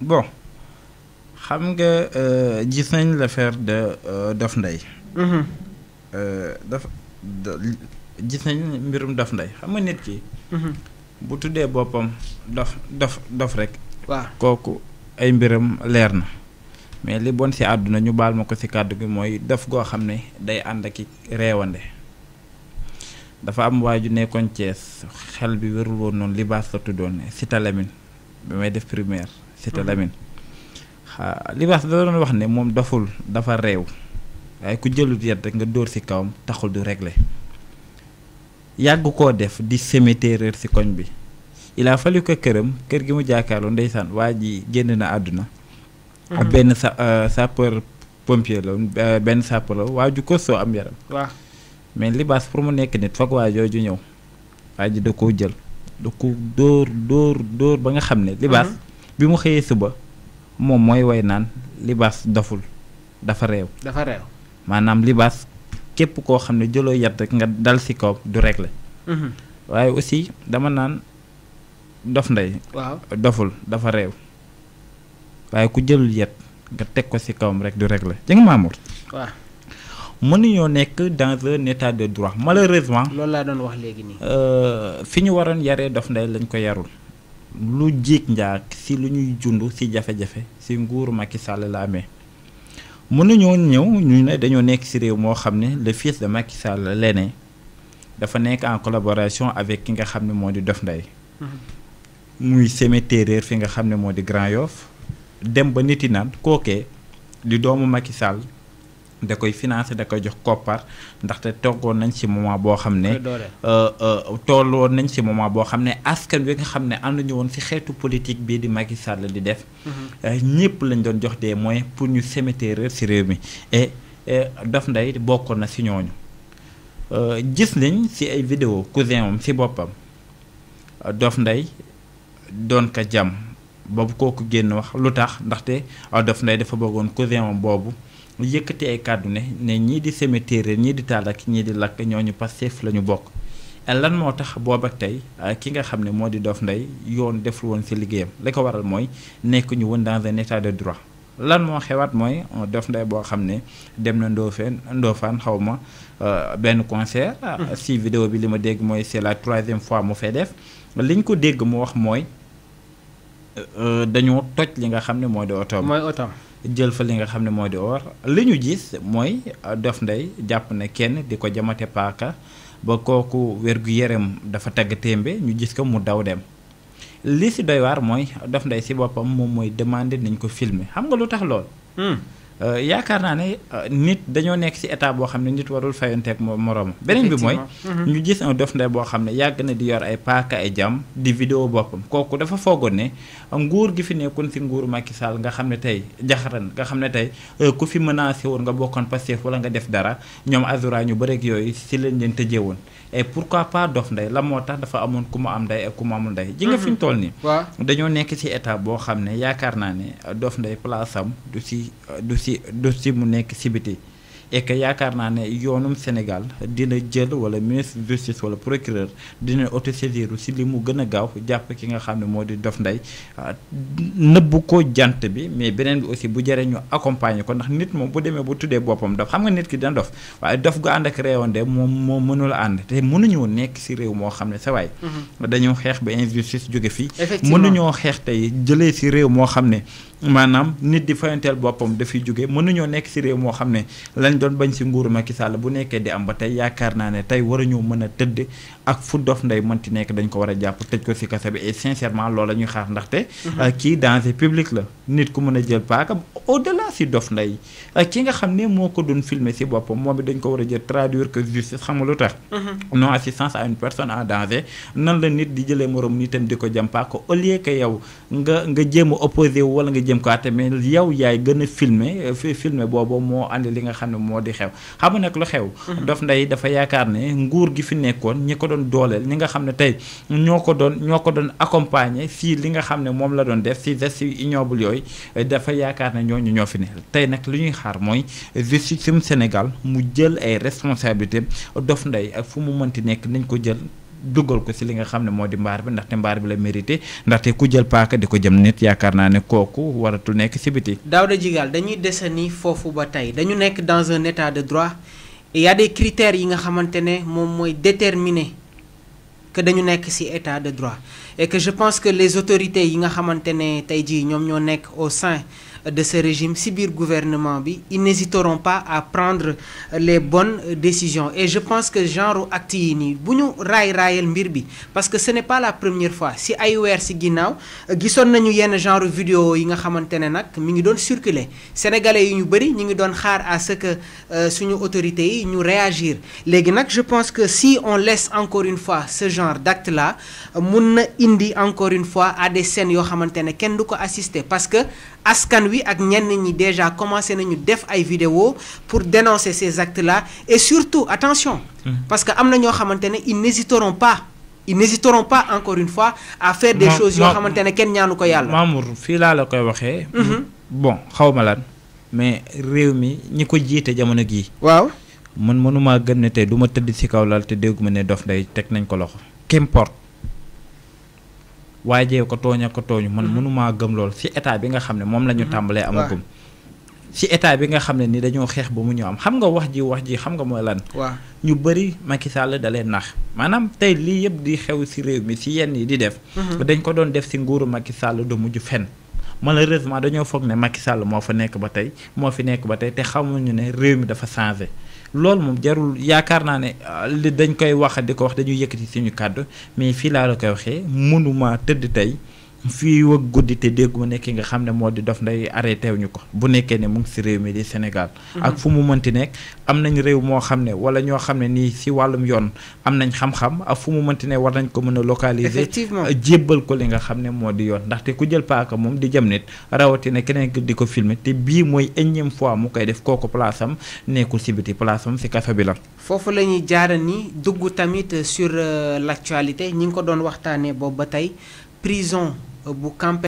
bon xam nga euh, gis nañ l'affaire de Dof euh, ndey daf mm-hmm. euh, gis nañ mbirum Dof ndey xam nga nit ki mm-hmm. bu tuddee boppam dof dof dof rek kooku ay mbiram leer na mais li bon ci àdduna ñu baal ma ko ci kàddu gi mooy dof goo xam ne day ànd ak reewande dafa am waay ju nekkoon Cees xel bi wérul woon noonu libaas la tuddoon Cité Lamine bi may def primaire Sita Lamine Libaas da doon wax ne moom doful dafa réew waaye ku jëlu yet nga dóor si kawam taxul du régler yàgg koo def di semer terreur si koñ bi il a fallu que këram kër gi mu jaakaarloo ndeysaan waa ji génn na àdduna ak mhm. benn sa euh, sapeur pompier la euh, benn sapeur la waa ju kostoo am yaram mais Libaas pour mu nekk nit foog waa jooju ñëw waa ji da koo jël da ko dóor dóor dóor ba nga xam ne Libaas mhm. bi mu xëyee suba moom mooy woy naan libaas doful dafa réew. maanaam libaas képp koo xam ne jëloo yat rek nga dal si kaw du régler. Mhm. waaye aussi dama naan dof ndey. waaw doful dafa reew waaye ku jëlul yat nga teg ko si kawam rek du régler jëng Mamour. waaw. mënuñoo nekk dans un état de droit malheureusement. loolu laa doon wax léegi nii. Euh, fi ñu waroon yaree dof ndey lañ ko yarul. lu jiig njaag si lu ñuy jund si jafe-jafe si nguuru Macky Sall la amee mënuñoo ñëw ñu ne dañoo nekk si réew moo xam ne le fils de Macky Sall lene dafa nekk en collaboration avec ki nga xam ne moo di def Ndeye mm-hmm. muy seme téeréer fi nga xam ne moo di Grand Yoff dem ba nit yi naan kookee di doomu Macky da koy financé da koy jox koppar ndaxte toggoon nañ ci moment boo xam ne euh, euh, tolloon nañ ci moment boo xam ne askan bi nga xam ne am nañu woon ci xeetu politique bii di Macky Sall di def mhm. euh, ñëpp lañ doon jox des mooy pour ñu seméter ci réew mi et Dof Ndeye bokkoon na ci ñooñu gis nañ ci ay vidéo cousin am ci boppam Dof nday doon ko jam boobu kooku génn wax lu tax ndaxte ah, Dof Ndeye dafa bëggoon cousin am boobu yëkkati ay kàddu ne ne ñii di seme ñii di taal ak ñii di lakk ñooñu Pastef la ñu bokk lan moo tax booba tey euh, ki nga xam ne moo di Dof Ndeye yoon deful woon si liggéeyam li ko waral mooy nekk ñu woon dans un de droit lan moo xewaat mooy euh, Dof Ndeye boo xam ne dem na Ndofeen ndoofaan xaw ma euh, benn concert ah. si video bi li ma dégg mooy c'est la troisième fois mu fay def liñ ko dégg mu wax mooy dañoo toj li nga xam ne moo di oto mooy oto jël fa li nga xam ne moo di or li ñu gis mooy euh, Dof ndey jàpp ne kenn di ko jamate paaka ba kooku wergu yaram dafa tagg témbe ñu gis ko mu daw dem li si doy waar mooy Dof Ndeye si boppam moom mooy demandé nañ ko filmer xam nga lu tax lool. Hmm. Euh, yaakaar naa ne euh, nit dañoo nekk ci état boo xam ne nit warul fayonteeg moroom beneen bi mooy ñu gis un Dof Ndeye boo xam ne yàgg na di yor ay paaka ay jam di vidéo boppam kooku dafa foogoon ne euh, nguur gi fi nekkoon ci nguuru Macky Sall nga xam ne tey jaxaran nga xam ne tey ku fi menacé woon nga bokkoon Pastef wala nga def dara ñoom azura ñu bëreeg yooyu ci leen leen tëjee woon et pourquoi pas Dof Ndeye moo tax dafa amoon ku mu am ndey ak ku mu ji nga fi ñu mhm. toll nii dañoo nekk ci état boo xam ne yaakaar naa ne Dof Ndeye place am du ci du ci ci dossier mu nekk si et que yaakaar naa ne yoonum Sénégal dina jël wala ministre justice wala procureur dina autosaisir si li mu gën a gaaw jàpp ki nga xam ne moo di Dof Ndeye ah, nëbbu ko jant bi mais beneen bi aussi bu jëree ñu accompagner ko ndax nit moom bu demee bu tuddee boppam dof xam nga nit ki dina dof waaye dof gu ànd ak réewande moom moo mënul ànd te mënuñoo nekk si réew moo xam ne sa waay mm-hmm. dañoo xeex ba injustice jóge fii mënuñoo xeex tey jëlee si réew moo xam ne maanaam nit di fayanteel boppam dafiy jóge mënuñoo nekk si réew moo xam ne lañ doon bañ si nguuru Macky Sall bu nekkee di am ba tey yaakaar naa ne tey war a ñoo mën a tëdd ak fu dof ndey mënti nekk dañ ko war a jàpp tëj ko si kaso bi et sincèrement loolu la ñuy xaar ndaxte. Mhm. Euh, kii danger public la nit ku mën a jël paaka au delà si dof ndey euh, ki nga xam ne moo ko doon filmer si boppam moom it dañ ko war a jël traduire que justice xam tax. Mhm. non assistance à une personne en danger nan la nit di jëlee morom nitam di ko jëm paaka au lieu a a euh, moo di xew xam nga nag lu xew mhm. Dof Ndeye dafa yaakaar ne nguur gi fi nekkoon ñi ko doon dooleel ñi nga xam ne tey ñoo ko doon ñoo ko doon accompagner fii li nga xam ne moom la doon def si geste yu ignoble yooyu dafa yaakaar ne ñooñu ñoo fi ne tey nag li ñuy xaar mooy justice Sénégal mu jël ay responsabilités Dof ndey ak fu mu mënti nekk nañ ko jël dugal ko si li nga xam ne moo di mbaar bi ndax te mbaar bi la mérité ndaxte ku jël paaka di ko jëm nit yaakaar naa ne kooku waratul nekk si biti. Daouda Djigal dañuy desani foofu ba tey dañu nekk dans un état de droit il y a des critères yi nga xamante ne moom mooy déterminer que dañu nekk si état de droit. et que je pense que les autorités yi nga xamantene au sein de ce régime si le gouvernement bi ils n'hésiteront pas à prendre les bonnes décisions et je pense que genre acte yi nii bu ñu mbir bi parce que ce n'est pas la première fois si ay weer si ginnaw gisoon nañu yenn genre vidéo yi nga xamantene nak Les mi ngi circuler sénégalais yi ñu bari ñi ngi xaar à ce que euh, suñu autorités yi ñu réagir je pense que si on laisse encore une fois ce genre d'acte là mun indi encore une fois à des scènes yo xamantene ne kenn assister parce que askan wi ak ñenn ñi déjà commencé nañu def ay vidéos pour dénoncer ces actes là et surtout attention. Hum. parce que amna ño xamantene ils n'hésiteront pas. ils n'hésiteront pas encore une fois à faire des choses yo xamantene ne kenn ñaanu ko Mamour fi la la koy waxé mhm. bon xawma lan mais réew mi ñi ko jité jamono gi waaw man mënuma gëm ne tey du ma tëdd ci kaw laal te dégguma ne dof day teg nañ ko loxo qu'importe. waajee ko tooñ ko tooñu man mm-hmm. mënumaa gëm lool si état bi nga xam ne moom la ñu mm-hmm. tàmbalee amagum si état bi nga xam ne ni dañoo xeex ba mu ñëw am xam nga wax ji wax ji xam nga mooy lan waaw ñu bëri Macky Sall da leen nax maanaam tey lii yëpp di xew si réew mi si yenn yi di def mm-hmm. dañ ko doon def si nguuru Macky Sall du mujj fenn malheureusement dañoo foog ne Macky Sall moo fa nekk ba tey moo fi nekk ba tey te xamuñu ne réew mi dafa changé loolu moom jarul yaakaar naa ne euh, li dañ koy wax di ko wax dañuy yëkkati suñu kàddu mais fii laa la koy waxee mënuma tëdd tey. fii wag guddi te dégguma nekki nga xam ne moo di Dof Ndeye arrêté ñu ko bu nekkee ne mu ngi si réew mi di Sénégal mhm. ak fu mu mënti nekk am nañ réew moo xam ne wala ñoo xam ne nii si wàllum yoon am nañ xam-xam ak fu mu mënti ne war nañ ko mën a localiser euh, jébbal ko li nga xam ne moo di yoon ndaxte ku jël paaka moom di jëm nit rawatina keneen di ko filmer te bii mooy énième fois mu koy def kooku place am nekkul si biti place am si kaso bi la foofu la ñuy jaara tamit sur euh, l'actualité ñi ngi ko doon waxtaanee boobu ba tey prison o campagne